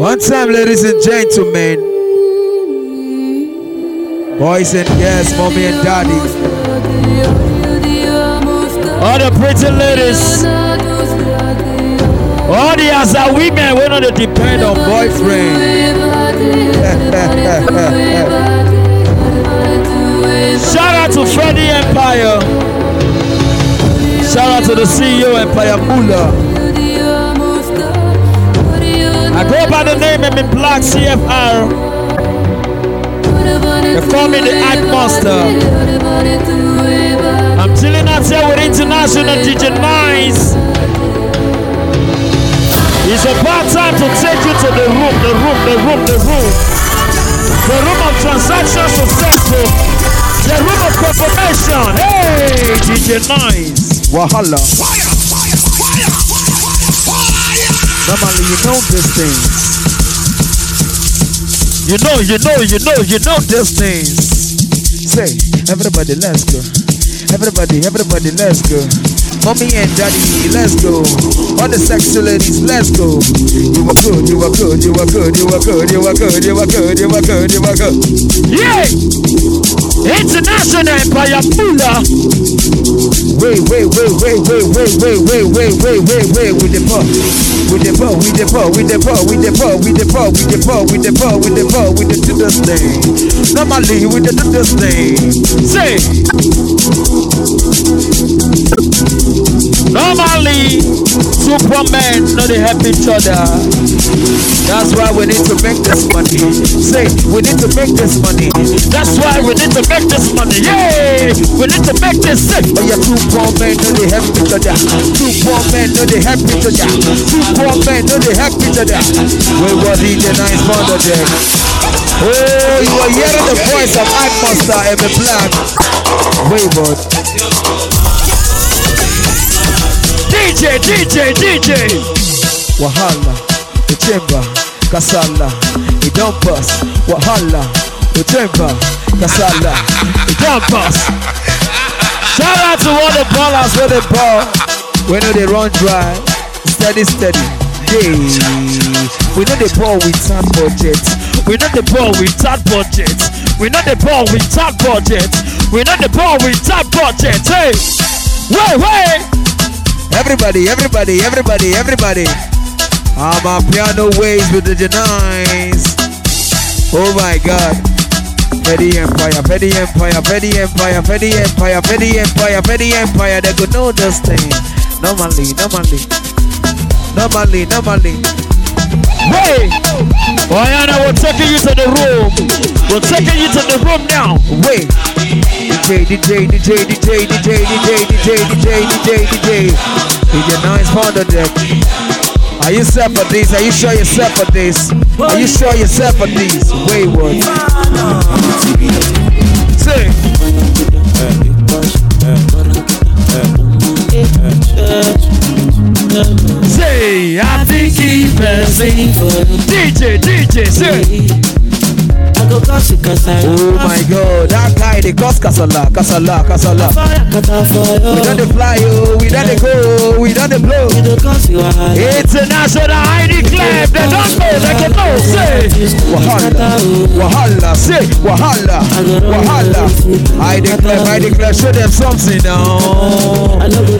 One time, ladies and gentlemen, boys and girls, mommy and daddy, all the pretty ladies, all the other women, we don't depend on boyfriend. Shout out to Freddy Empire. Shout out to the CEO Empire Mula. Go by the name of Black CFR. They call me the Art Master. I'm chilling out here with international DJ Nice. It's about time to take you to the room, the room, the room, the room. The room of transaction successful. The room of confirmation. Hey, DJ Nice. Wahala. Normally you know this thing. You know, you know, you know, you know this thing. Say, everybody, let's go. Everybody, everybody, let's go. Mommy and daddy, let's go. All the sexy ladies, let's go. You were good, you were good, you were good, you were good, you were good, you were good, you were good, you were good. Yeah! International Empire Puller. Wait, wait, wait, wait, wait, wait, wait, wait, wait, wait, wait, wait, with the ball, with the ball, with the ball, with the ball, with the ball, with the ball, with the ball, with the ball, with the ball, with the to this thing. Normally, with the to this thing. Say. Normally, supermen know they help each other. That's why we need to make this money. Say, we need to make this money. That's why we need to make this money. Yay! We need to make this sick. Oh yeah, two poor men know they help each other. Two poor men know they help each other. Two poor men know they help each other. We were the nice mother then. Oh, you are hearing the voice of Atmosphere and the black. Wayward. DJ, DJ, DJ. Wahala, Uchemba, Kasala, it don't pass. Wahala, Uchemba, Kasala, it don't pass. Shout out to all the ballers where they ball. know they run dry, steady, steady. Hey, we know the ball with that budget. We know the ball with that budget. We know the ball with that budget. We know the ball with that budget. Hey, wait, wait. Everybody, everybody, everybody, everybody. I'm on piano waves with the denies. Oh my god. Petty empire, petty empire, petty empire, petty empire, petty empire, petty empire. They could know this thing. Normally, normally. Normally, normally. Wait! Boyana, we're taking you to the room. We're taking you to the room now. Wait. DJ, DJ, DJ, DJ, DJ, DJ, DJ, DJ, DJ, DJ. DJ DJ DJ Are you set for this? Are you sure you're set for this? Are you sure you're set for this? Wayward. Say, I think he DJ, DJ, sing. Oh my god, that guy they cause casala, casala, casala. We don't fly, oh, we done the go, we don't blow. International ID club, they don't know, they can know, say. Wahala, wahala, say, wahala, wahala. ID club, ID club, show them something now.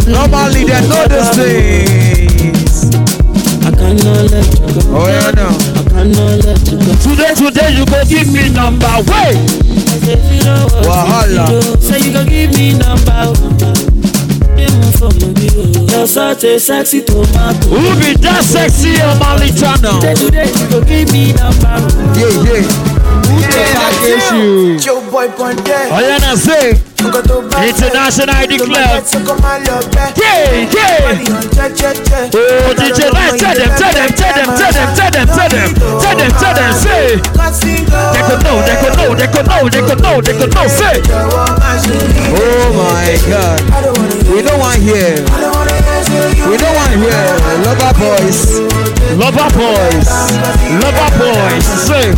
Normally they know this thing. I cannot let you go. Oh yeah, no. Today, today you go give me number way. Wahala. Say you go give me number. You're such a sexy tomato. Who be that sexy on my channel? Today, today you go give me number. Yeah, yeah. Who yeah, can I get you? Joe Boy Ponte. I am a say. International, I declare. Yeah, yeah. Oh, DJ, Knight, tell them, tell them, tell them, tell them, tell them, tell them, tell them, tell them, say. They could know, they could know, they could know, they could know, they could know, say. Oh my God, we don't want here. We don't want here. Lover boys, lover boys, lover boys, say.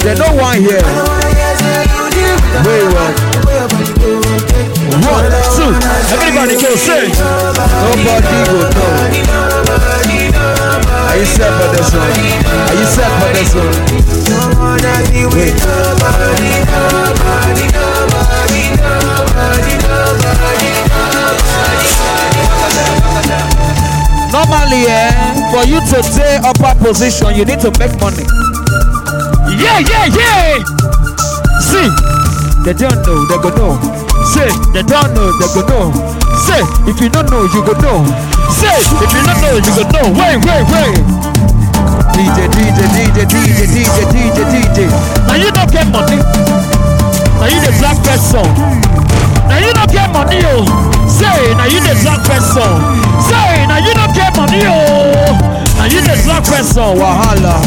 They don't want here. Very well. One, two, everybody can sing. Nobody go down. Are you set for this one? Are you set for this one? Wait. Normally, eh, for you to stay upper position, you need to make money. Yeah, yeah, yeah. See, they don't know, they go know. Say, they don't know, they go know. Say, if you don't know, you go know. Say, if you don't know, you go know. Wait, wait, wait. DJ, DJ, DJ, DJ, DJ, DJ, DJ. Now you don't get money. Now you the black person. Now you don't get money, oh. Say, now you the black person. Say, now you don't get money, oh. Now you the black person, wahala.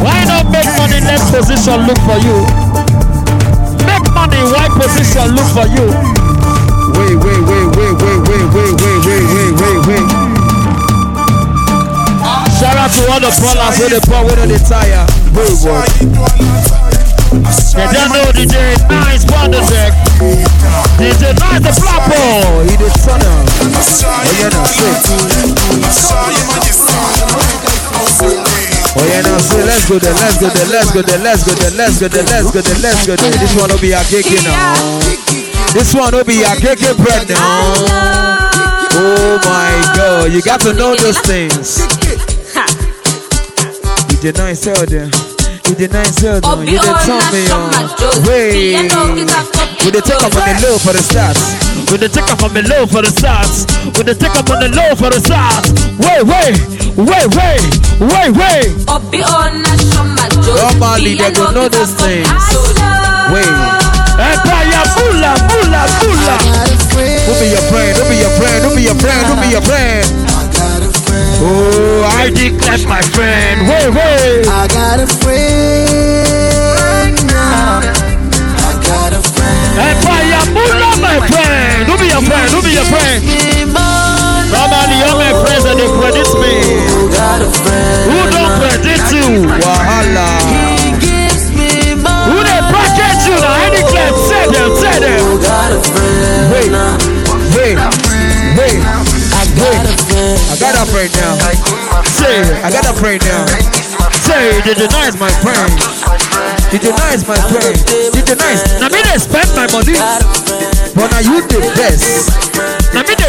Why not make money in next position look for you? man in white position look for you. Wait, wait, wait, wait, wait, wait, wait, wait, wait, wait, wait, wait. Shout out to all the brothers with the power with the tire. Boy, boy. They don't know the day nice wonder deck. They deny the platform. He did tunnel. Oh, yeah, that's it. Oh yeah, now say let's go there, let's go there, let's go there, let's go there, let's go there, let's go there, let's go there. This one will be a kicking now. This one will be a kicking bread Oh my God, you got to know those things. You did not sell them. You did not sell them. You did tell me on. Wait. Would they take up on the low for the stats? Would they take up on the low for the stats? Would they take up on the low for the stats? Wait, wait. Way, way, way, way. Normally they go know these things. Way. Empire, bula, bula, bula. Who be your friend? Who be your friend? Who be your friend? Who be your friend? Oh, I declare my friend. Wait, wait. I got a friend now. I got a friend. Empire, bula, my friend. Who be your friend? Who be your friend? Normally, you're my friends and they predict me. Who don't predict you? Wahala. Who they project you? Now, any clap, say them, say them. wait, wait, wait. I got a friend now. Say, I got a friend now. Say, he denies my friend. He denies my friend. He denies. Now, me, they spend my money. But are you the best.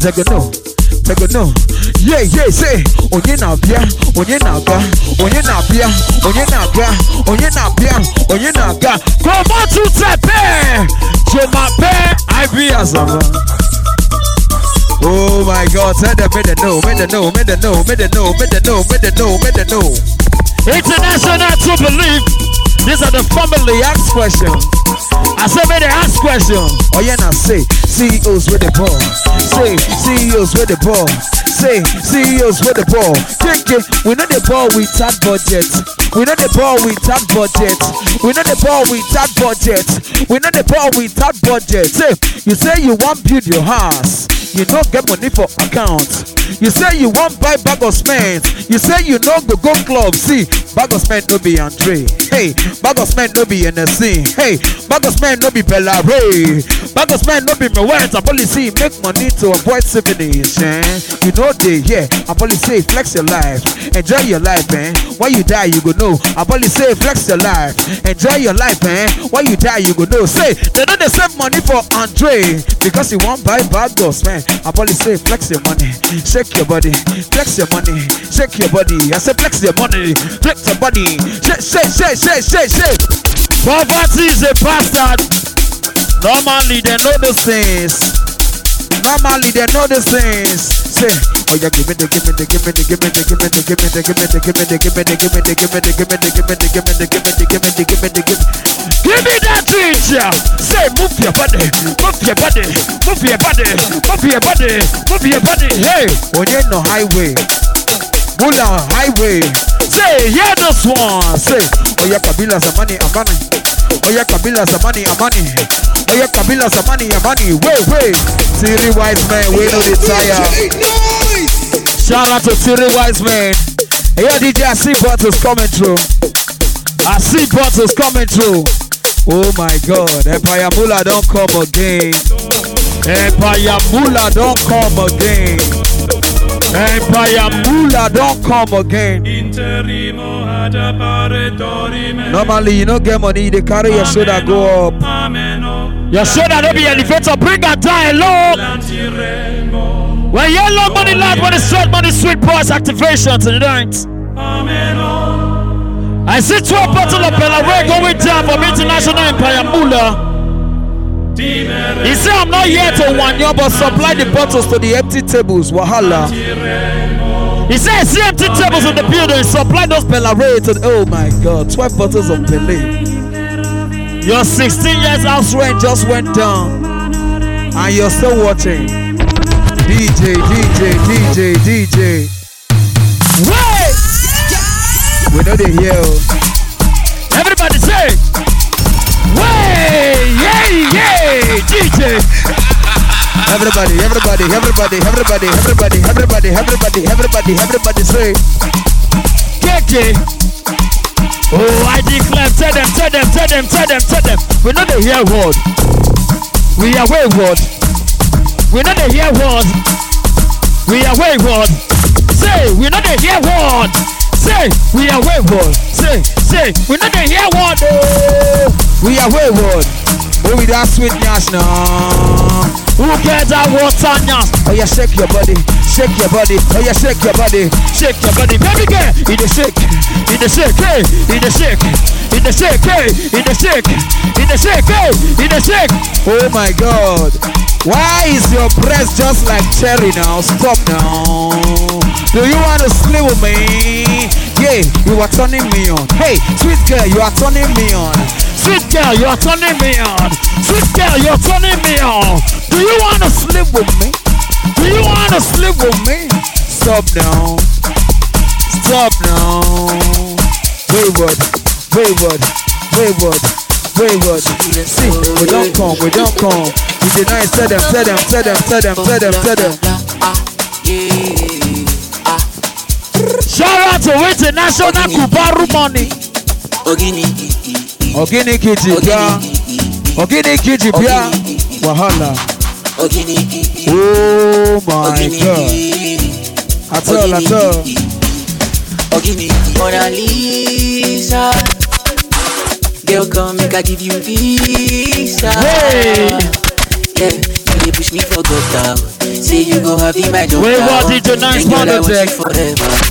Take a no, take a no. Yeah, yeah, say, onye na bia, onye na ga, onye na bia, onye na ga, onye na bia, onye na ga. Come on to tepe, jema pe, I be a asama. Oh my God, tell them made the know, made the know, made the know, made the know, made the know, made the know, made the know. International to believe. These are the family ask questions. I said, may they ask questions. Oh, yeah, now say, CEOs with the ball. Say, CEOs with the ball. Say, CEOs with the ball. Take it. We know the ball with that budget. We know the ball with that budget. We know the ball with that budget. We know the ball with that budget. Say, you say you want build your house you don't get money for accounts. you say you wan buy bag of cement you say you no go go club see bag of cement no be andre hey bag of cement no be nsc hey bag of cement no be bellary bag of cement no be my words. mewent abolisi make money to avoid syphilis eh you know no dey here abolisi flex your life enjoy your life man. Eh? when you die you go know I abolisi flex your life enjoy your life man. Eh? when you die you go know say they no dey save money for andre because you wan buy bag of cement I probably say flex your money, shake your body, flex your money, shake your body. I say flex your money, flex your body, shake, shake, shake, shake, shake, shake. Poverty is a bastard. Normally they know the things. Normally they know the things say, oh yeah, give me the, give me the, give me the, give me the, give me the, give me the, give me the, give me the, give me the, give me the, give me the, give me the, give me the, give me the, give me the, give me the, give me the, give me Give me that inch, yeah. Say, move your body, move your body, move your body, move your body, move your body. Hey, when you're in the highway. Hula Highway. Say, yeah, this one. Say, oh yeah, Kabila Zamani Amani. Oh yeah, Kabila Zamani Amani. Oh yeah, Kabila Zamani Amani. Wait, wait. Siri Wise Man, we know the tire. Shout out to Siri Wise Man. Yeah, DJ, I see bottles coming through. I see bottles coming through. Oh my God, Empire Mula don't come again. Empire Mula don't come again. Empire Mula don't come again. Normally, you don't get money, they carry your shoulder go up. Oh. Your shoulder don't be elevator, bring a down low. When yellow money land, when it's short money, sweet boys activation tonight. Oh. I see 12 bottles of Bella Ray going down from International Empire Mula. He said, I'm not here to warn you, but supply the bottles to the empty tables. Wahala. He said, see empty tables in the building. Supply those Pelare Oh my God. 12 bottles of Pelé. Your 16 years house rent just went down. And you're still watching. DJ, DJ, DJ, DJ. Wait! We know they hear. Everybody say, Way! Yeah, yeah! DJ. Everybody, everybody, everybody, everybody, everybody, everybody, everybody, everybody, everybody, say. KK. Oh, I declare, tell them, tell them, tell them, tell them, tell them. We know they hear word. We are wayward. We know they hear word. We are wayward. Say, we know they hear word. Say, we are wayward. Say, say, we know they hear word. Oh, we are wayward. Who be that sweet nyash now? Who cares that water nyash? Oh yeah, shake your body, shake your body. Oh yeah, shake your body, shake your body. Baby girl, in the shake, in the shake, hey, in the shake, in the shake, hey, in the shake, in the shake, hey, in the shake. Oh my God, why is your breast just like cherry now? Stop now. Do you want to sleep with me? Yeah, you are turning me on. Hey, sweet girl, you are turning me on. Sweet girl, you are turning me on. Sweet girl, you are turning me on. Do you want to sleep with me? Do you want to sleep with me? Stop now. Stop now. Wayward, wayward, wayward, wayward. See, we don't come, we don't come. We deny, tell them, tell them, tell them, tell them, tell them, tell them. Yeah. Shout out to Waiting National Kubaru Money. Ogini Kiji Bia. Ogini Kiji Bia. Wahala. Oh my God. I tell, I tell. Mona Lisa. Girl, come make I give you visa. Hey. Yeah you push me for good gutter. Say you go have in my job. We want it to nice politics. Forever.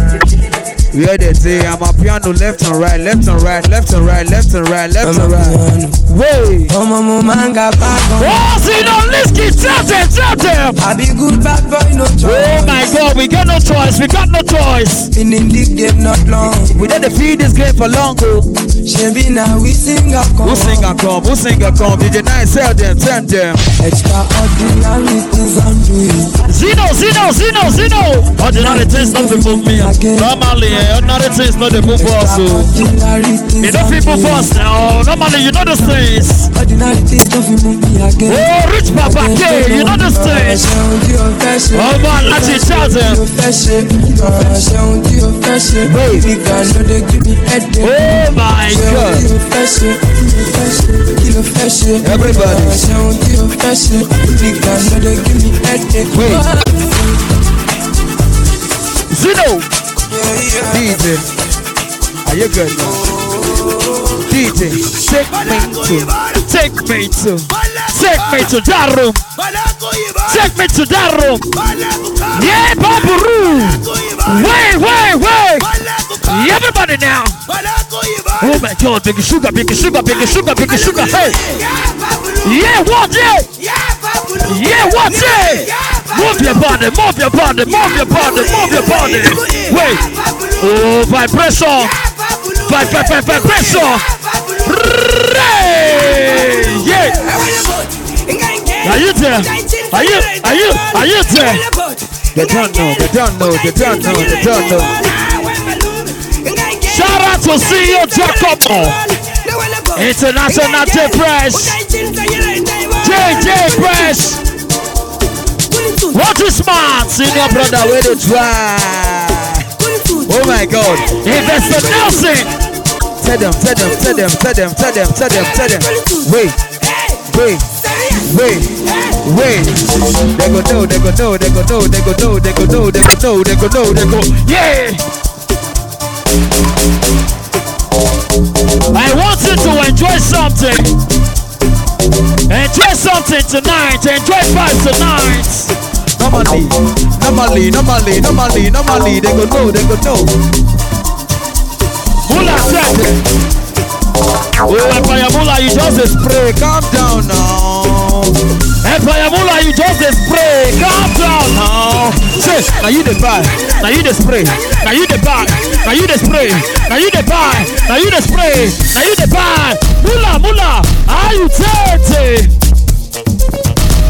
We Where they say I'm a piano left and right, left and right, left and right, left and right, left and right. Way. Ọmọ mo máa ń ga bákan. Wọ́n sì lọ Lísìkì tẹ́tẹ̀ tẹ́tẹ̀. Àbí good bad boy no choice. Oh my God, we got no choice, we got no choice. Been in this game not long. We dey not defeat this game for long o. Oh. Ṣebí na we sing a come. we sing a come? we sing a come? DJ Nine sell them, send them. Extraordinary things I'm doing. Zino, Zino, Zino, Zino. Ordinary things nothing for me. Normally yeah, another thing is not the move for us. So. They don't feel for us now. Normally, you know the things. Oh, rich papa K, you know the things. Oh man, that's it, shout them. Oh my god. Everybody. Wait. Zeno. DJ, are you good now? DJ, take me to, take me to, take me to that room. Take me to that room. Yeah, Baburu. Wait, wait, wait. Everybody now. Oh my God, big sugar, big sugar, big sugar, big sugar. Hey. Yeah, what? Yeah. Yeah, what's it. Move your body, move your body, move your body, move your body. Wait. Oh, vibration. Vibration. Vibration. Yeah. Are you there? Are you? Are you? Are you there? They don't know. They don't know. They don't know. They don't know. Shout out to CEO Jacobo. International Depress. JJ Press. What is smart, senior brother? Where to try? Oh my God! Investor Nelson. Tell them, tell them, tell them, tell them, tell them, tell them, tell them. Wait, wait, wait, wait. They go no, they go no, they go no, they go no, they go no, they go no, they go no. they go. Yeah. I want you to enjoy something. Enjoy something tonight. Enjoy vibes tonight. Normally, normally, normally, normally, normally, they go know, they go know. Mula said. Oh, fire, Mula, you just spray. Calm down now. Empire Mula, you just the spray. Calm down now. Say, now you the buy. Now you the spray. Now you the buy. Now you the spray. Now you the buy. Now you the spray. Now you the buy. Mula, Mula, are you dirty?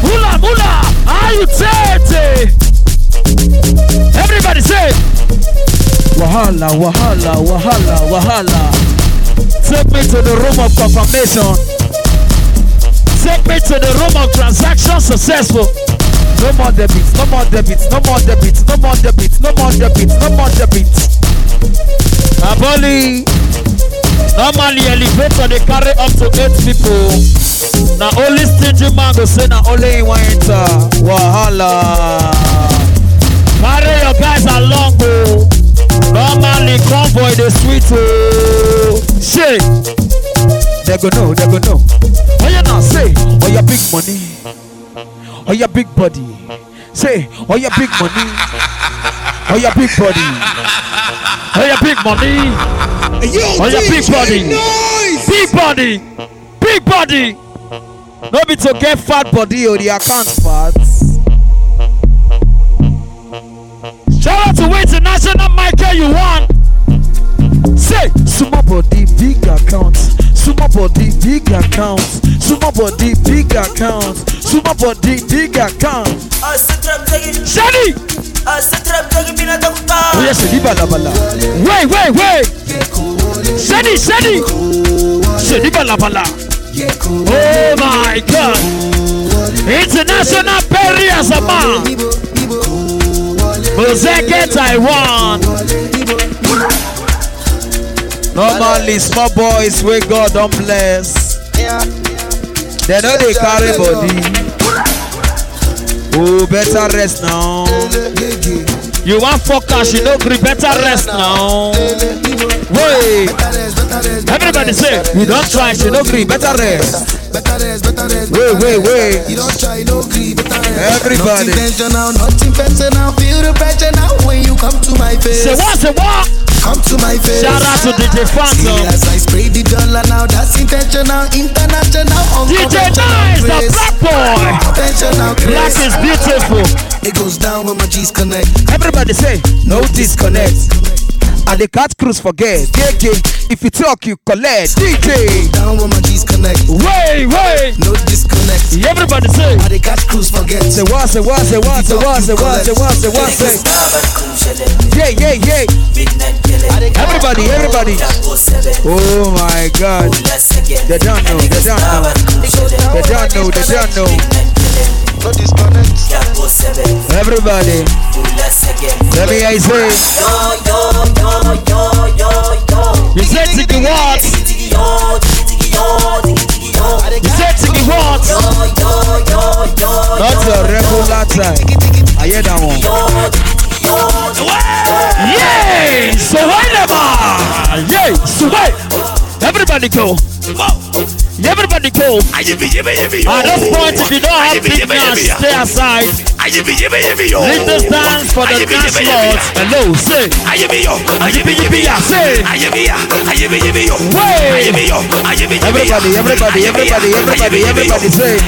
Mula, Mula, are you dirty? Everybody say, Wahala, Wahala, Wahala, Wahala. Take me to the room of confirmation. Take me to the room of transaction successful. No more debits, no more debits, no more debits, no more debits, no more debits, no more debits. Aboli. Normally elevator they carry up to eight people. Now only stingy man go say now only one enter. Wahala. Carry your guys along, go. Normally convoy the sweet. Oh. Shake. They go know, they go know. Oh, you not say, oh, your big money, oh, your big body. Say, oh, your big money, oh, your big body, oh, your big money, oh, your big body, big body, big body. No be to get fat body or oh, the account fat. Shout out to Wait National Michael you want. Say, small body, big account. Suma body, big accounts. Suma body, big accounts. Suma body, big accounts. Shani! Oya oh, se liba la bala. Wey wey wey. Shani shani. Se liba la bala. Oh my God. International Perry as a man. Mosaic Taiwan. Normally, small boys where God don't bless. They know they carry body. Oh, better rest now. You want focus, you know, better rest now. Wait. Everybody say, you don't try, you know, better rest. better rest, better rest. Wait, wait, wait. You don't try, no grief, better rest. Everybody. Nothing intentional, nothing Feel the pressure now when you come to my face. Say what, say what? Come to my face. Shout out to DJ Phantom. See, as I spray the dollar now, that's intentional, international, DJ Nice, the black boy. Intentional, black is beautiful. It goes down when my G's connect. Everybody say, no disconnect. And the cat crews forget. JJ, if you talk, you collect. DJ. Down with my disconnect. Way, way. No disconnect. Everybody say. And they can't forget. Say what, say what, say what, say what, say what, say what, say what, say. Yeah, yeah, yeah. Everybody, everybody. Oh my God. They don't know, they don't know. They don't know, they don't know. No disconnect. Everybody. Let me hear you say. You said to the what? You said to the what? Not your regular time. I hear that one. Yeah, so whatever. Yeah, so whatever. Everybody go. Everybody go. At this point, if you don't have fitness, stay aside. Leave this dance for the dance lords. Hello, say. Way. Everybody, everybody, everybody, everybody, everybody, say.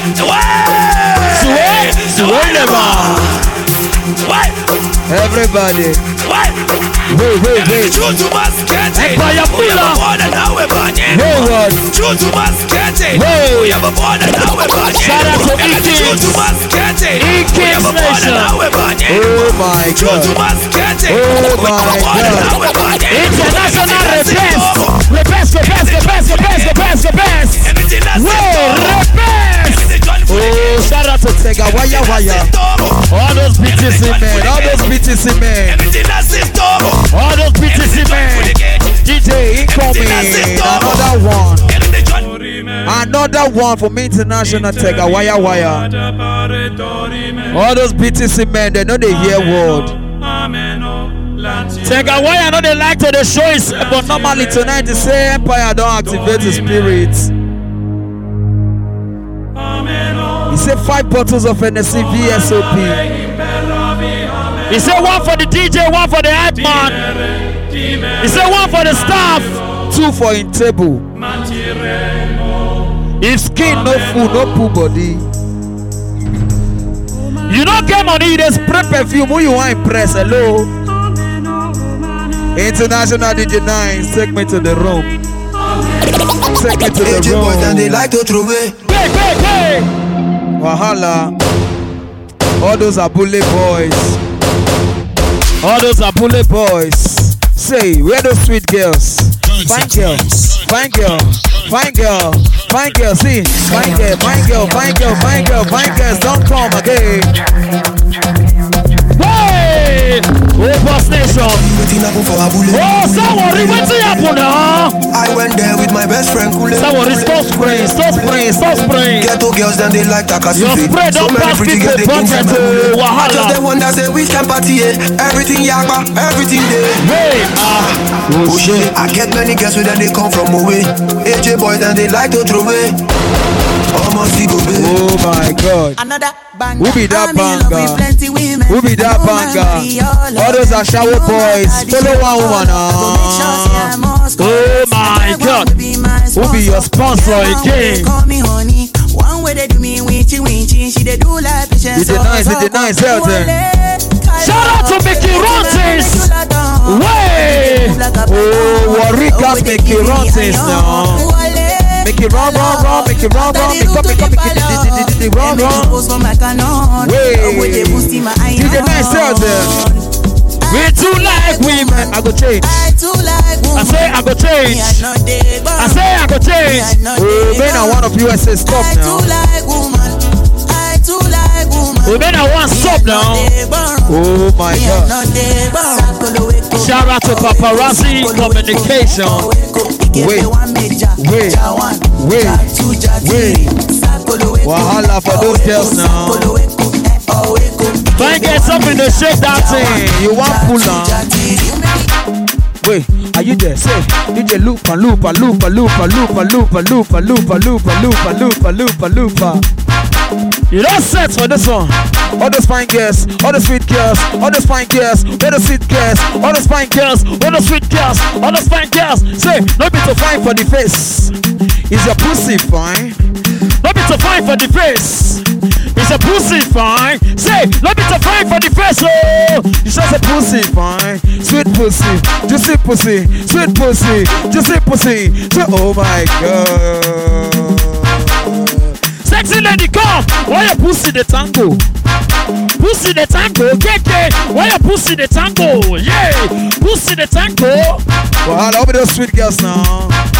Sway, sway never. Everybody. What? Wewe wewe Oh my God. Oh my God. International repest. Repest, repest, repest, repest, repest, repest. Whoa, repest. Oh, shout out to Tega Waya Waya. All those BTC men, all those BTC men, All those bitches in DJ incoming, another one. Another one from International Tech, a wire wire. All those BTC men, they know they hear word. Take a wire, I know they like to the show, is, but normally tonight they say Empire don't activate the spirits. Amen said five bottles of NSC VSOP. He said one for the DJ, one for the head man. He said one for the staff, two for in table. If skin no food, no poo body. You don't get money, you just spray perfume. Who you want impress? Hello. International DJ 9, take me to the room. Take me to the room. they like to throw Wahala. All those are bully boys. All those are bully boys. Say, where the sweet girls? Fine girl, fine girl, fine girl, fine girl. See, fine girl, fine girl, fine girl, fine girl, fine girls. Don't come again. Oh, nation. Wetin happen for Abule? Oh, Sawari, wetin I went there with my best friend Kule. Sawari, stop spraying, stop spraying, stop Get Ghetto girls then they like takasi. Your spray don pass people budget o, oh, wahala. I just one that say we kind party eh? Everything yakpa, everything they. Eh? Hey, ah, Oshé. Oh, oh, I get many girls wey they come from away. AJ boys then they like to throw me. Almost go Oh my God. Another banger. Who be that banger? Who be that banger? All those are shower boys. Follow one woman. Ah. Oh my god. Who be your sponsor again? One way they do me winchy winchy, she they do like patience. It's eh? Shout out to Mickey Rontes! Way! Oh, Warrick has Mickey Rontes now. Make it round, round, round, make it round, round, make up, make up, make it round, round. Wait, DJ Nice out there. We too like women. I go change. I too like women. I say I go change. I say I go change. Women are one of USA stop now. I too like woman. I too like woman. one stop now. Oh my God. Shout out to Paparazzi Communication. Wait, wait, wait, wait. Wahala for those girls now. Try and get something to shake that thing. You want pull on. Wait, are you there? Say, DJ loop and loop and loop and loop and loop and loop and you don't set for this one. All the fine girls, all the sweet girls, all the fine girls, all the sweet girls, all the fine girls, all the sweet girls, all the fine girls. Say, no be to fine for the face. Is your pussy fine? No be to fine for the face. Is your pussy fine? Say, no be to fine for the face. Oh, it's just a pussy fine, sweet pussy, juicy pussy, sweet pussy, juicy pussy. Say, oh my god. Sexy lady, come. Why you pussy the tango? Pussy the tango, get Why you pussy the tango? Yeah, pussy the tango. Well, over those sweet girls now.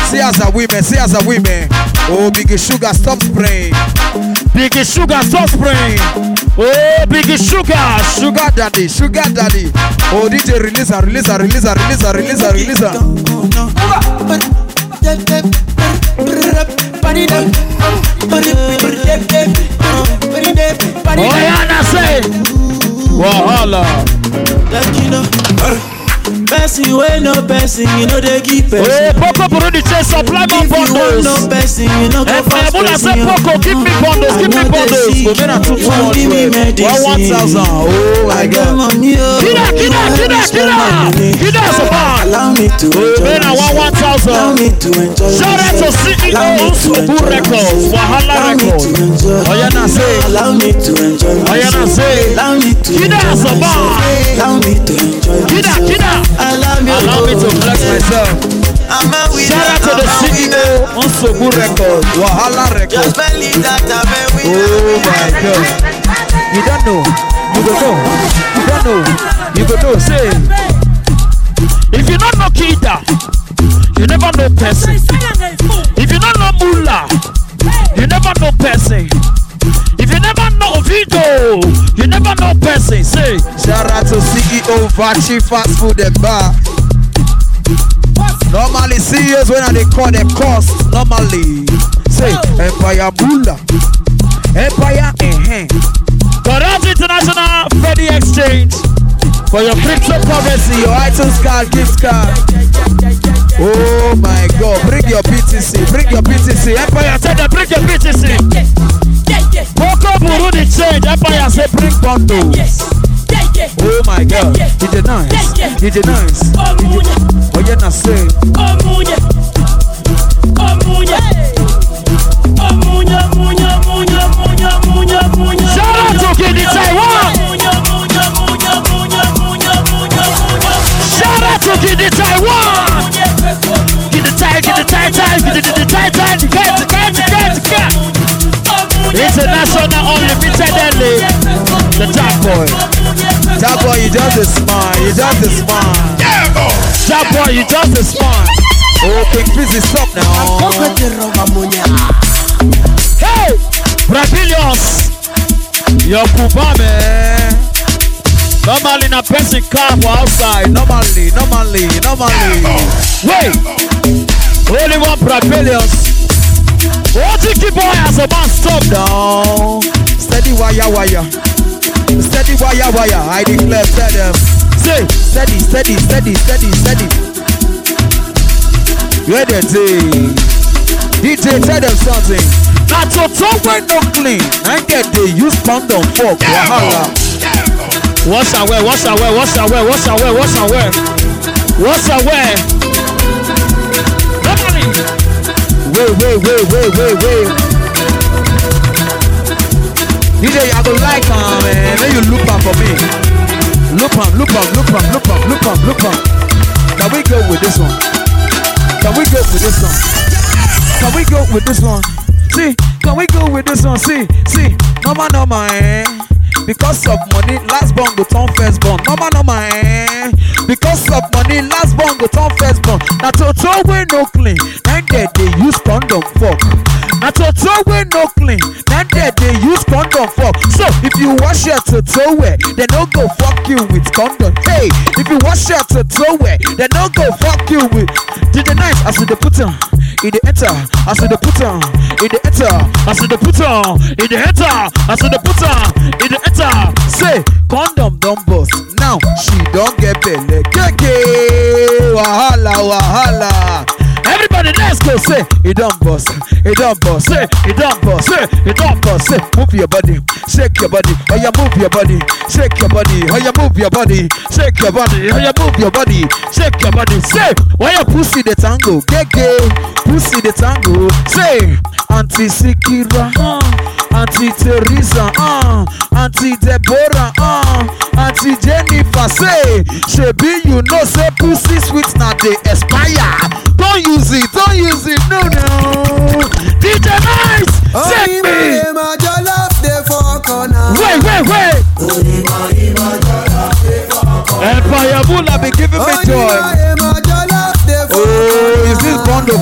See as a women, see as a women. Oh, Biggie Sugar, stop spraying. Biggie Sugar, stop spraying. Oh, Biggie Sugar. Sugar daddy, sugar daddy. Oh, DJ release her, release her, release her, release her, release her, release her. Oh yeah, that's it. pretty Wahala. person wey no person you no dey give person. oye poko burudi say supply more bundles. if you wan no person you no go pass person. ẹ̀fẹ̀ give me bundles give me bundles. gomina tún fún wọn ṣe one one thousand oh my god. kida kida kida kida kida sopa. gomina one one thousand. shout out to ceo nsogbu records wahala records. oya na say oya na say kida sopa. kida kida allow me, allow me to bless myself. Shout out to the CEO on Sobu Records, Wahala Records. Oh my God. You don't know. You don't know. You don't know. You don't know. Say. If you don't know Kita, you never know person. If you don't know Mula, you never know person. blessing. Say, shout out to CEO Vachi Fast Food and Bar. Normally, CEOs when they call them cost. Normally, say oh. Empire Bulla, Empire Enhan. Garage International Freddy Exchange for your cryptocurrency, your iTunes card, gift card. Oh my God! Bring your BTC, bring your BTC. Empire, tell them bring your BTC. Boko Burundi change. Empire say bring bundle. Yes. Yeah, yeah. Oh my God. Yeah, yeah. DJ Nice. Yeah, yeah. DJ Nice. Omunye. Oh, yeah, na say. Omunye. Omunye. Omunye, omunye, omunye, omunye, omunye, Shout out to Kid Taiwan. Shout out to Kid Taiwan. the, Taiwan, Kid Taiwan, Kid Taiwan, Kid Taiwan, Kid Taiwan. International Unlimited LA. The top boy. Top boy, you just a smile. You just a smile. Yeah, boy. Top boy, you just a smile. Oh, King Fizzy, stop now. Hey, Brazilians. Your Cuba, man. Normally, na person car for outside. Normally, normally, normally. Wait. Only one Brazilians. Magic boy as a man stop now. Steady wire wire. Steady wire wire. I declare steady. Say steady, steady, steady, steady, steady. Ready, say DJ tell them something. Not your tongue when no clean. I get they use condom for Wahala. Wash away, wash away, wash away, wash away, wash away. Wash away. way, way, way, way, way, way. DJ, I go like am, man. Then you look up for me. Look up, look up, look up, look up, look up, look up. Can we go with this one? Can we go with this one? Can we go with this one? See, can we go with this one? See, see, no man, no man, eh? because of money last born go turn first born normal normal eh because of money last born go turn first born na to throw wey no clean na dem dey use condom for na to throw wey no clean na dem dey use condom for so if you wash your to throw well dem no go fok you with condom hey if you wash your to throw well dem no go fok you with till the night as you dey put am. in the enter, I see the put on, in the enter, I see the put on, in the enter, I see the put on, in the enter. Say, condom don't bust, now she don't get belly. Keke, wahala, wahala. Everybody, let's go. Say, it don't bust, it don't bust, say, it don't bust, say, it don't bust. Say, move your body, shake your body, how oh, you move your body, shake your body, how oh, you move your body, shake your body, how oh, you move your body, shake your body. Say, why your pussy the tango? Keke. pussy the tango say aunty sikira uh, ah. aunty teresa uh, ah. aunty deborah uh, ah. aunty jennifer say be you know say pussy sweet na dey expire Don't use it don't use it no no dj nice oh, take me. wait wait wait. Oh, empire mula be giving me oh, joy.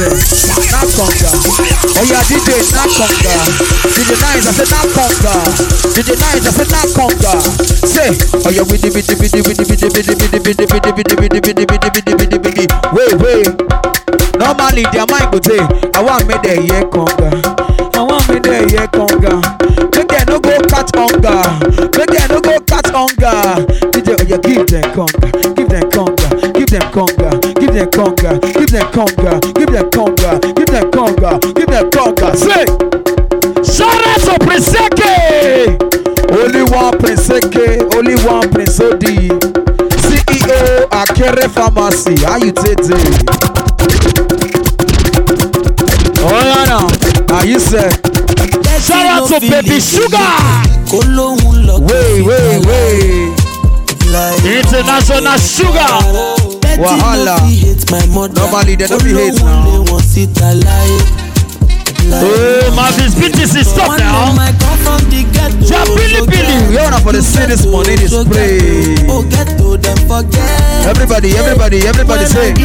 DJ, knock Oh yeah, DJ, knock DJ Nines, I said knock DJ Nines, I said knock Say, oh yeah, biddy biddy biddy biddy biddy biddy biddy biddy biddy biddy biddy biddy biddy biddy biddy. Wait, wait. Normally their mind go say, I want me there yeah conga. I want me there yeah conga. Make them no go catch hunger. Make them no go catch hunger. DJ, oh yeah, give them conga, give them conga, give them conga give that conga, give that conga, give that conga, give that conga, give that conga. Say, shout out to Prinseke. Only one Prinseke, only one Prince Odi. CEO Akere Pharmacy, how you tete? Hola now, how you say? Shout out Baby Sugar. Wait, wait, wait. International Sugar. Wahala. Nobody, they don't be hate now. Oh, Marvin's BTC, stop now. Ja, Billy We you're not for the city this morning, is oh, Everybody, everybody, everybody say. Oh,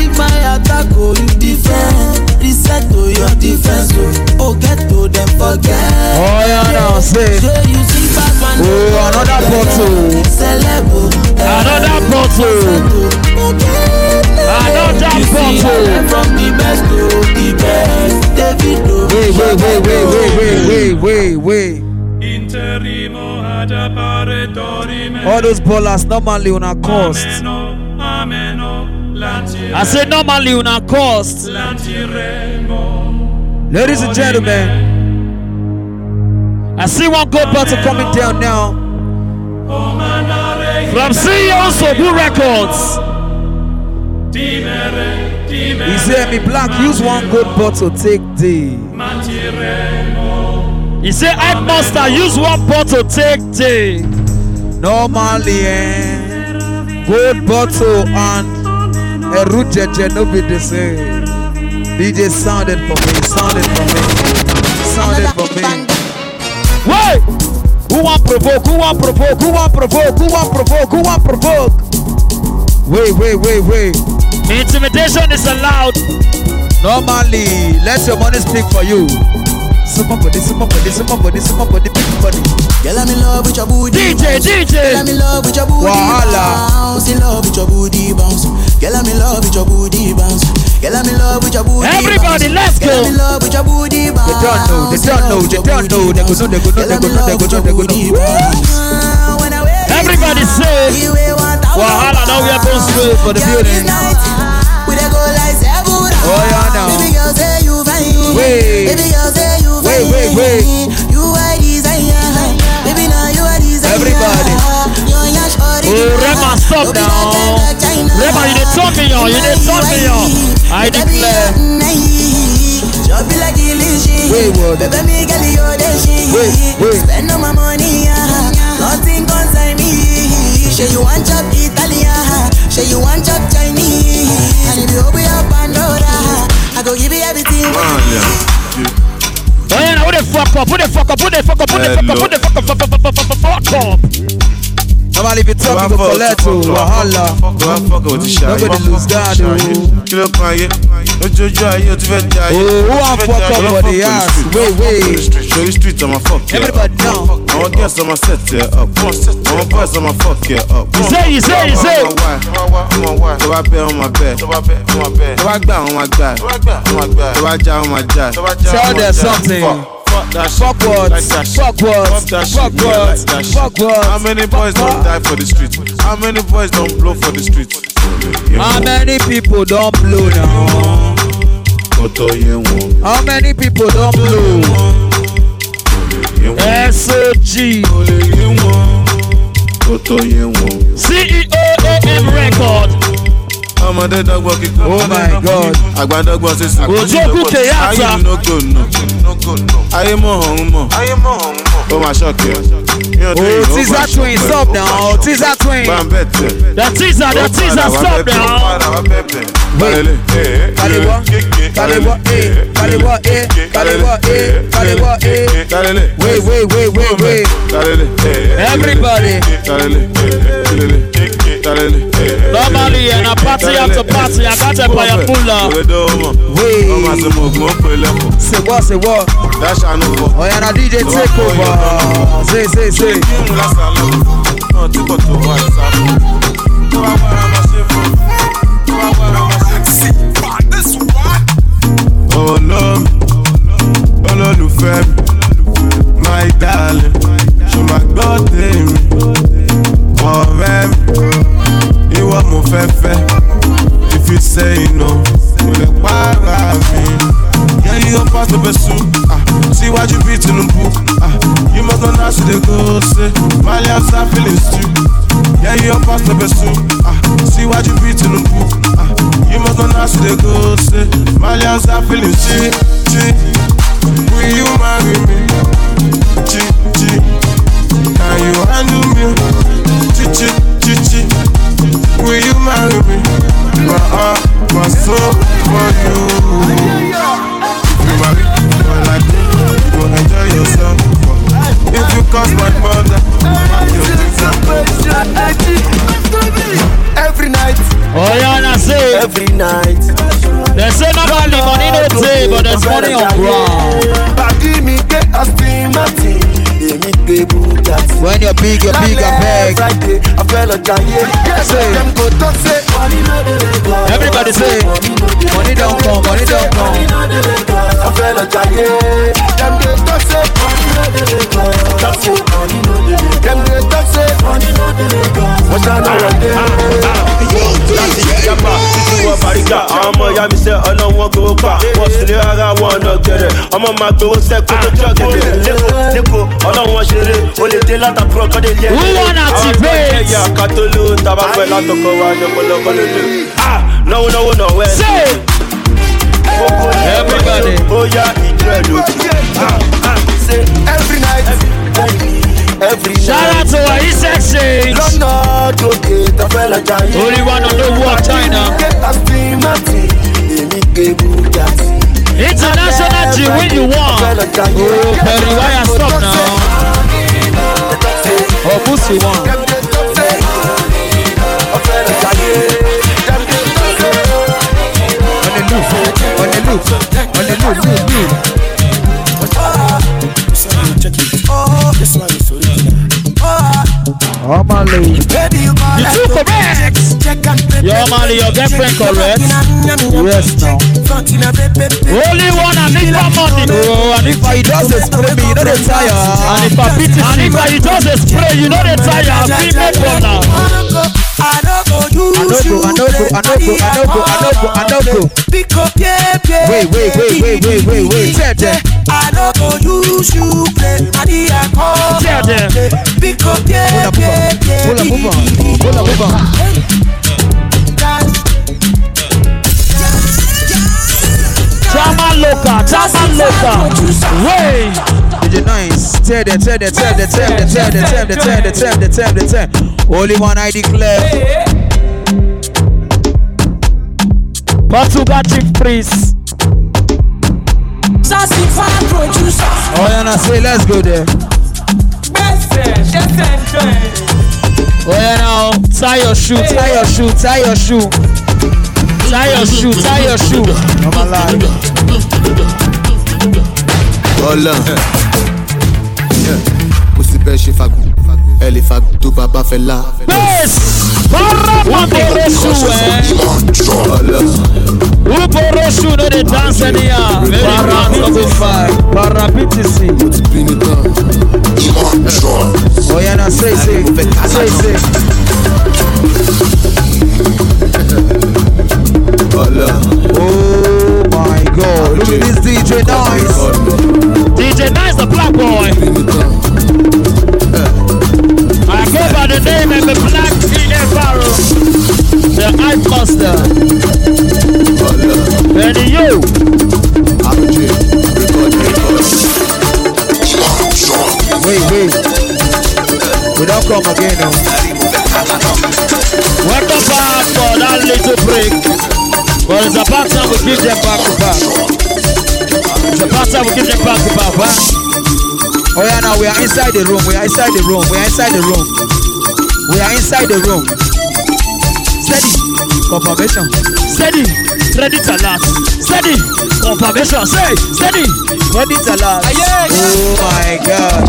your defense, oh, get to oh, them Oh, yeah, now say. Oh, another bottle. Another bottle. Another bottle. From the best to oh, the best. David Wait, wait, wait, wait, wait, wait, wait, wait, wait. Oh, All those ballers normally on a cost. Oh, I said normally on a cost. Ladies and gentlemen, I see one good bottle coming down now from CEO Sobu Records. He said, Me black, use one good bottle, take D. He said, I master, use one bottle, take D. Normally, eh, good bottle and a root jeje, no be the same. DJ sounded for me, sounded for me, sounded want provoke? Who want provoke? Who want provoke? Who want provoke? Who want provoke? Wait, wait, wait, wait. Intimidation is allowed. Normally, let your money speak for you. Super super body, body, super body, super body, big body. Girl, I'm in love with your booty. DJ, bounce. DJ. Girl, I'm in love with your booty. Wahala. Bounce in love with your booty bounce. Girl, I'm in love with your booty bounce. Girl, I'm in love with your booty. Everybody, let's go. Girl, I'm in love with your booty. Bounce. They don't know, they don't know, they don't know. They go know, they go know, they go know, they go know, they go know. Everybody say, Wahala, now we are going straight for the building. Oh yeah, now. Wait, wait, wait, wait. Everybody. Oh, Rema, stop now. Rema, you did turn me on. You did turn me on. I declare. Wayward. Wait, wait. Spend all my money, nothing concern me. Say you want job Italian, say you want job Chinese. And if you open up Pandora, I go give you everything. Oh, yeah. Oh, yeah, now who the fuck up? Who the fuck up? Who the fuck up? Who the fuck up? Who the fuck up? I'm only Normally if you talk, you go collect o, wàhálà. Nobody lose guard o. Kí ló kan ayé? Lójoojú ayé o ti fẹ́ di ayé. Òwú àfọkọ for the ass, wey wey. Sori street ọmọ fọ́ọ̀kì ẹ̀. Everybody down. Àwọn girls ọmọ set you up. I'ma fuck you up. You you you say, say, say. Ìṣe ìṣe ìṣe. Tó bá bẹ ọmọ bẹ. Tó bá gbà ọmọ gbà. Tó bá já ọmọ já. Tell them something. Fuck fuck fuck backwards, fuck backwards. How many boys don't die for the streets? How many boys don't blow for the streets? How many people don't blow now? How many people don't blow? SOG CEO AM record ọmọdé dọ́gbọ́n kíkọ́ oh my god àgbà dọ́gbọ́n sísun I òkú kè yá àtà ayé nógò nù ayé mọ̀ ọ̀hún mọ̀ ó máa ṣọ́ọ̀kì o tiza twin stop now tiza twin the tiza the tiza stop now. balẹ̀ balẹ̀ balẹ̀ balẹ̀ balẹ̀. Kaliwa eh, Kaliwa eh, Kaliwa eh. Wait, wait, wait, wait, wait. Everybody. Normally in a party after party, I got a fire puller. Wait. Say what, say what? That's I know what. Oh yeah, now DJ take Say, say, say. feeling Yeah, you are past the pursue. Ah, see what you beat in the book. Ah, you must not ask the go say. Malians are feeling shit, jayé. Eh. Dem go talk say money Everybody say money come, money come. money money money bẹ̀rẹ̀ ọmọ máa gbowó sẹ́kọ̀ọ́ tó jọ́gùn rẹ̀ lẹ́kọ̀ọ́ lẹ́kọ̀ọ́ ọlọ́run ṣeré o lè dé látàkùrọ̀ kọ́dé yẹ. wúwọ́n àti bẹ́ẹ̀. àwọn ẹ̀yà kátólù tabafẹ́ látọkọ wa lọ́pọ̀lọpọ̀ lóde. náwó náwó náwó ẹ̀. ṣé kókó ní everybody ó yá ìjọ ẹ̀ lójú. ṣe every night every night. ṣára tó wà yí sẹ́ẹ̀sì. lọ́nà lókè tọ́fẹ́ lọ́jà yìí. orí wa náà ló wú ọ̀ China. kẹta sí màtí èmi gbé bùdá sí. International G when you want. Oh, Perry, why I stop now? Oh, pussy want. On the loop, on the loop, on the loop, loop, loop. Check it. Oh, this one is original. Oh, Mali. Baby, you got you too correct. Yo, Mali, your girlfriend correct. Yes, now. Only one I need i money. Oh, and if I just spray me, you know they tire. And if I beat it, and if I just spray, you know they tire. Be more now. I do no go, I no go, I no go, I no go, I no go, I no go. Pick up, yeah, yeah. Wait, wait, wait, wait, wait, wait, wait. Tell them. I no go use you play, I need a call. Tell them. Pick up, yeah, yeah, yeah. Hold up, move on, hold up, move on. Tama loca, tama loca. Way. DJ Nice, tell them, tell them, tell them, tell them, tell them, tell them, tell them, tell them, tell them. Only one I declare. Hey, hey. Batuga Chief Priest. Sassify producer. Oh, yeah, now say, let's go there. Eh, oh, yeah, now tie your shoe, tie your shoe, tie your shoe. Tie your shoe, tie your shoe. I'm alive. Hold on. Kò sí bẹ́ẹ̀ ṣe fagbọ́n, ẹ lè fagbọ́n tó Uporosu, eh? Uporosu, no de Tanzania. Parapitisi. Oyana, say, say, say, say. Oh my God! Look DJ Nice. DJ Nice, the black boy. I go by the name of the black Red Costa. Benny yo. Wait, wait. We don't come again now. What uh, back for that little break. But it's about time we give them back to back. It's about time we give them back to back, huh? Oh yeah, now we are inside the room. We are inside the room. We are inside the room. We are inside the room. Steady. Confirmation. Steady. to last Steady. Confirmation. Say. Steady. Ready to last Oh my God.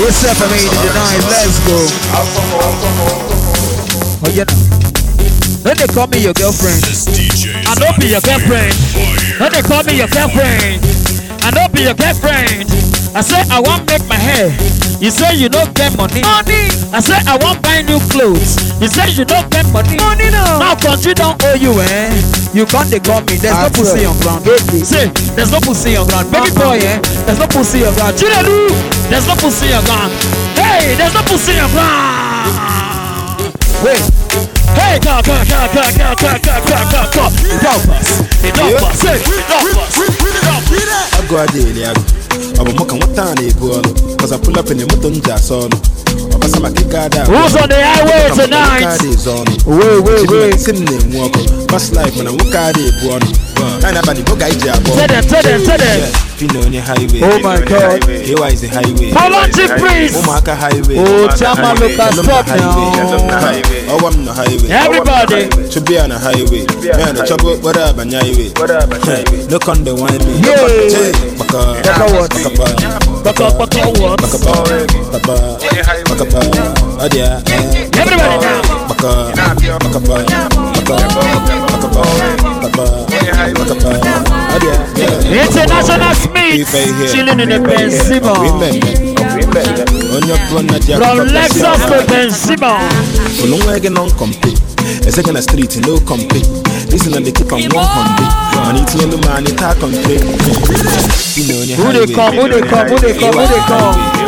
Yourself, I in the nine. Let's go. When they call me your girlfriend. I don't be your girlfriend. When they call me your girlfriend. I don't be your girlfriend. I say I want make my hair. You say you don't get money. Money. I say I want buy new clothes. You say you don't get money. Money no. Now country don't owe you eh. You can't they call me. There's no pussy on ground. Baby. Say there's no pussy on ground. Baby boy eh. There's no pussy on ground. Chidelu. There's no pussy on ground. Hey, there's no pussy on ground. Wait. Hey, go, go, go, go, go, go, go, go, go, go. Enough us. Enough us. Enough us. I go a daily. I'm a mucking what time they go on. Cause I pull up in the mutton jazz on. Who's on the highway tonight? Wait, wait, wait. Past life, man, I work hard at one. And I'm going to go guide you. Tell them, tell them, tell them. Oh my God! Here is the highway. Polanyi Prince. Umaka highway. Oh Chama Lucas stop now. Oh I'm the highway. Everybody. To be on a highway. Man, the trouble. What up, on highway? What up, on highway? Look on the one way. Yeah. Baka. Baka what? Baka. Baka baka what? Baka baka. Baka baka oh dear. Everybody now. Back up, back up, back up, back up, back International Smith chilling in the Ben Simon. From Lexus to Ben For long way non compete. A second street no compete. This is the keep of one hundred. And it's the man it can't Who they come? Who they come? Who they come? Who they come?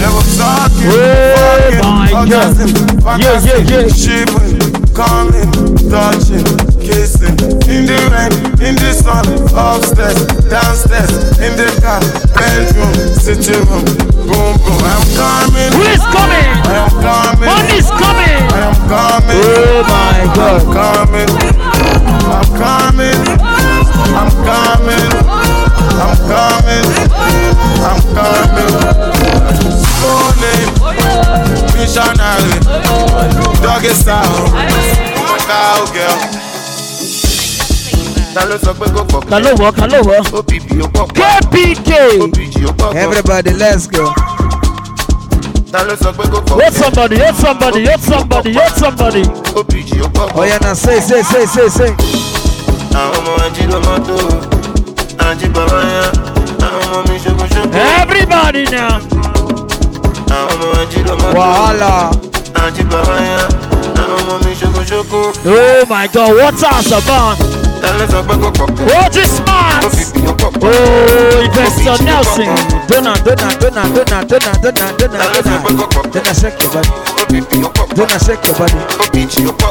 Never talking, fucking, orgasm, fantastic, yeah, yeah, yeah. shivering, calling, touching, kissing. In the rain, in the sun, upstairs, downstairs, in the car, bedroom, sitting room, boom boom. I'm coming. Who is coming? I am coming. Money's coming. I am coming. Oh my God. I'm coming. I'm coming. I'm coming. I'm coming. I'm coming. missionary. Doggy sound. Cowgirl. Hello, hello. KPK. Everybody, let's go. you somebody, you somebody, you somebody, you somebody. Everybody now. Wahala. Oh my god, what's up, Saban? What is oh, this man! Oh, Investor Nelson! Donna, Donna, Donna, Donna, Donna, Donna, Donna, Donna, Donna, shake your body. Donna, shake your body.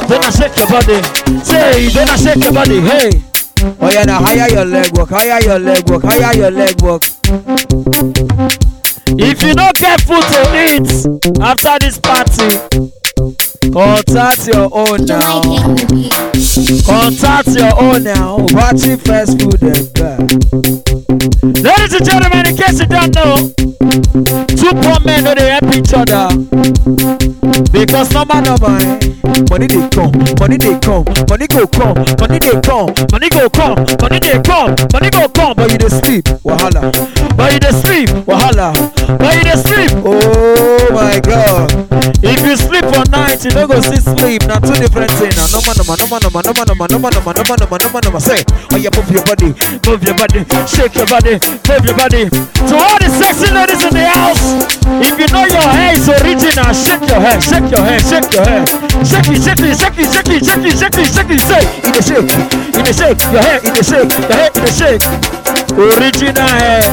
Donna, shake your body. Say, Donna, shake your body. Hey! Oh, yeah, now higher your leg work, higher your leg work, higher your leg work. If you no get food to eat after this party, contact your own now. Contact your own now. Watching fast food and bar. Ladies and gentlemen, in case you don't know, two poor men know they help each other because number number eh. money dey come money dey come money go come money dey come money go come money dey come money go come but you dey sleep wahala but you dey sleep wahala but you dey sleep oh my god you sleep all night, you don't go see sleep. Now two different things. No man, no man, no man, no man, no man, no man, no man, no man, no man, no man, no man, no man. Say, oh yeah, move your body, move your body, shake your body, move your body. To all the sexy ladies in the house, if you know your hair is original, shake your hair, shake your hair, shake your hair, shake it, shake it, shake it, shake it, shake it, shake it, shake it. Say, in the shake, in the shake, your hair in the shake, your hair in the shake. Original hair.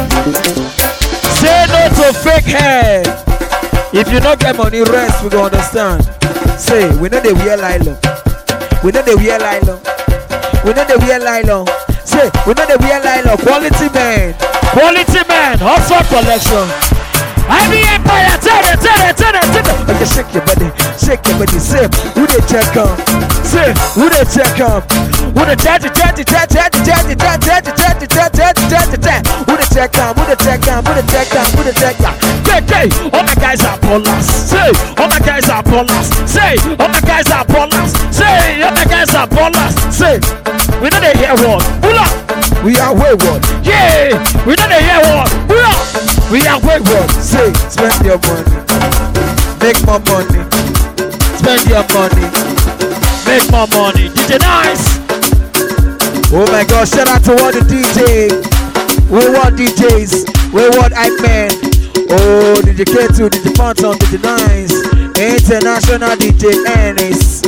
Say no to fake hair. If you not get money, rest, we go understand. Say, we know they wear nylon. We know they wear nylon. We know they wear nylon. Say, we know they wear nylon. Quality man. Quality man. Hustle collection. I be empire. Turn it, turn it, turn it, turn it. Okay, shake your body. Shake your body. Say, who they check on? Say, who the check up? Who the chat chat chat chat chat chat chat chat chat chat chat chat chat Who the check up? Who the check up? Who the check up? Who the check up? Hey, hey, all my guys are ballers. Say, all my guys are ballers. Say, all my guys are ballers. Say, all my guys are ballers. Say, we know they hear one. Pull up. We are wayward. Yeah, we know they hear one. Pull up. We are wayward. Say, spend your money. Make more money. Spend your money make more money. DJ Nice. Oh my God! Shout out to all the DJs. We want DJs. We want I man. Oh, DJ K2, DJ Phantom, DJ Nice, International DJ Ennis.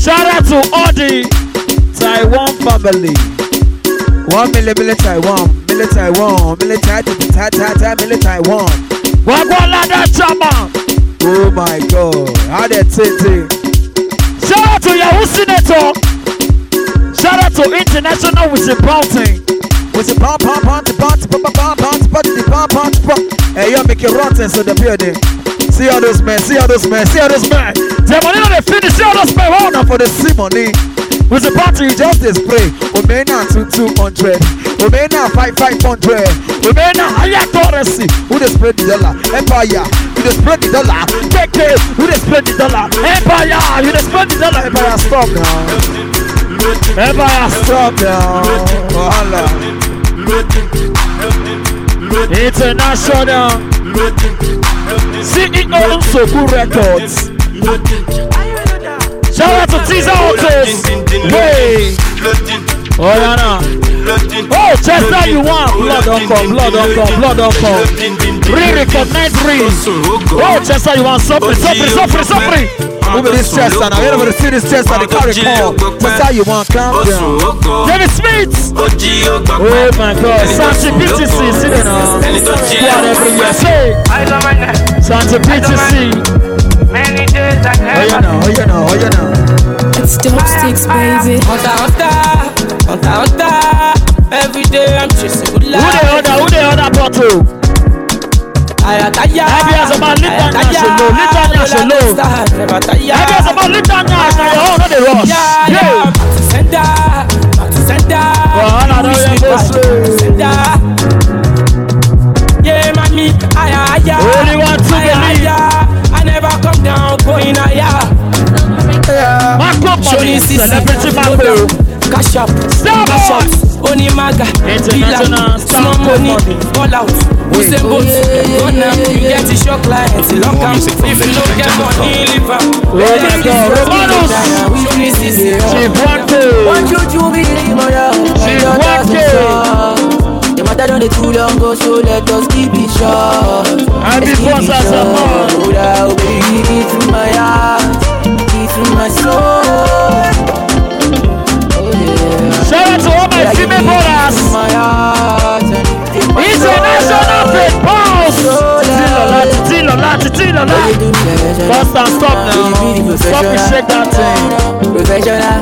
Shout out to all the Taiwan family. One million, million Taiwan, million Taiwan, million Taiwan, million Taiwan. Wagwan Lada chopper. Oh my God! How they tinting. Shout out to Yahoo Senator. Shout out to International with the Bouncing. With the pop, pop, bounce, bounce, bounce, bounce, bounce, bounce, bounce, bounce. Hey, you make it rotten, so the building. See all those men, see all those men, see all those men. The money on the finish, see all those men. Hold on for the sea money. With the party, just display. Omena two hundred. Omena 5500. Omena higher currency. Who they spread the dollar? Empire. Who they spread the dollar? KK. Who they spread the dollar? Empire. Who they spread the dollar? Empire, stop now. Empire, stop now. Wahala. International. CEO Soku Records. Shout out to Tiza Otis. Hey. Oh, yeah, nah. Oh, just that you want. Blood on call, blood on call, blood on call. re night three. Oh, just that you want. Suffering, suffering, suffering, suffering. Move this chest and I'm going see this chest and the carry call. That's how you want calm down. Jenny Smith! Oh my god, Santi PTC, see them now. What everywhere, say! Santi PTC. Many Oh, you know, oh, you know, oh, you know. It's sticks baby. Hunter, hunter, hunter, hunter. Every day I'm chasing good life. Who the other, who the other bottle? Every as a man lift that national low, lift that national low. Every as a man lift that national low, not the rush. Yeah. Senda, senda. Wàhálà náà yẹ kó ṣe. Senda. Yeah, mami, aya aya. Only one to believe. I never come down, going higher. Macro money, celebrity macro. Cash up, cash up. Oni maga, dealer, small money, call out. Who say boat? Go now, you get a shock client. Long if you don't get money, leave her. Let her go. Romanos! She blocked it. One, two, two, be the mother. She The matter don't too long so let us keep it short. And this was as a man. Oh, now, baby, give my heart. Give my soul. Oh, Shout out to all my female brothers. attitude or not? Bust down, stop now. Stop and shake that thing. Professional,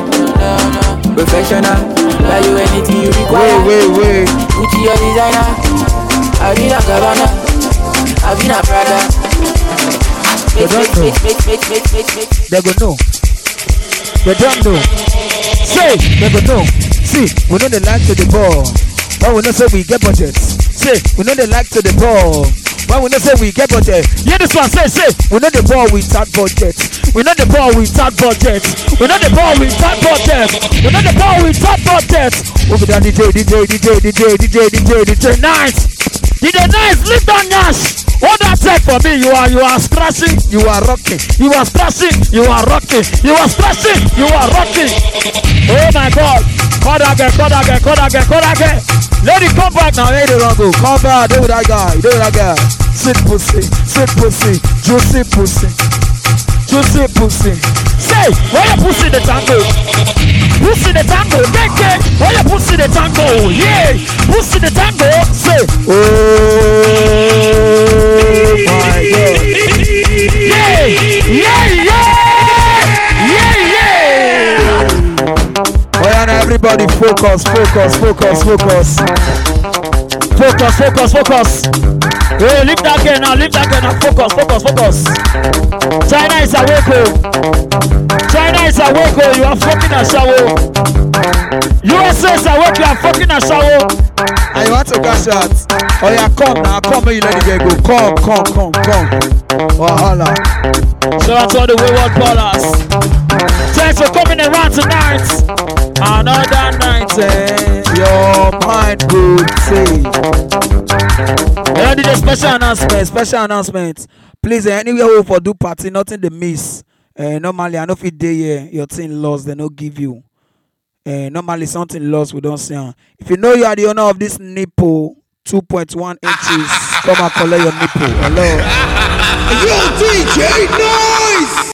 professional. Buy you anything you require. Wait, wait, wait. Gucci your designer. Avina Cabana, Avina Prada. They don't know. They go know. They don't know. Say, they go know. See, we know the like to the ball. But we know say we get budgets. Say, we know the like to the ball. Why we never say we get budget, yeah, this one say say we know the ball with tag budget. We know the ball with tag budget. We know the ball with tag budget. We know the ball with tag budget. Over there, DJ, DJ, DJ, DJ, DJ, DJ, DJ, nice. DJ nice, lift on Nash. What that said for me, you are you are scratching, you are rocking, you are scratching, you are rocking, you are scratching, you are rocking. Oh my God, Call again, call again, call again, call again. Lady, come back now, lady, don't go. Come back, do that guy, do that guy. Sit pussy, sit pussy, juicy pussy, juicy pussy. Say, why you pussy the tango? Pussy the tango, make it. Why you pussy the tango? Yeah, pussy the tango. Say, oh my god. Yeah, yeah, yeah, yeah, yeah. Well, everybody focus, focus, focus, focus. Focus, focus, focus. Hey, lift that girl now, lift that girl now. Focus, focus, focus. China is awake, oh. China is awake, oh. You are fucking a shower. USA is awake, you are fucking a shower. And you want to cash out? Oh yeah, come now, come when you let the girl go. Come, come, come, come. Wahala. Shout out to all the wayward ballers. Thanks for coming around tonight. Another night, eh? Yo find good say. I the special announcement special announcement please eh, anywhere wey for do party nothing dey miss uh, normally i no fit dey here your thing lost they no give you uh, normally something lost we don't see am if you know you are the owner of this nipple two point one inches come and collect your nipple hello. yo dj noise.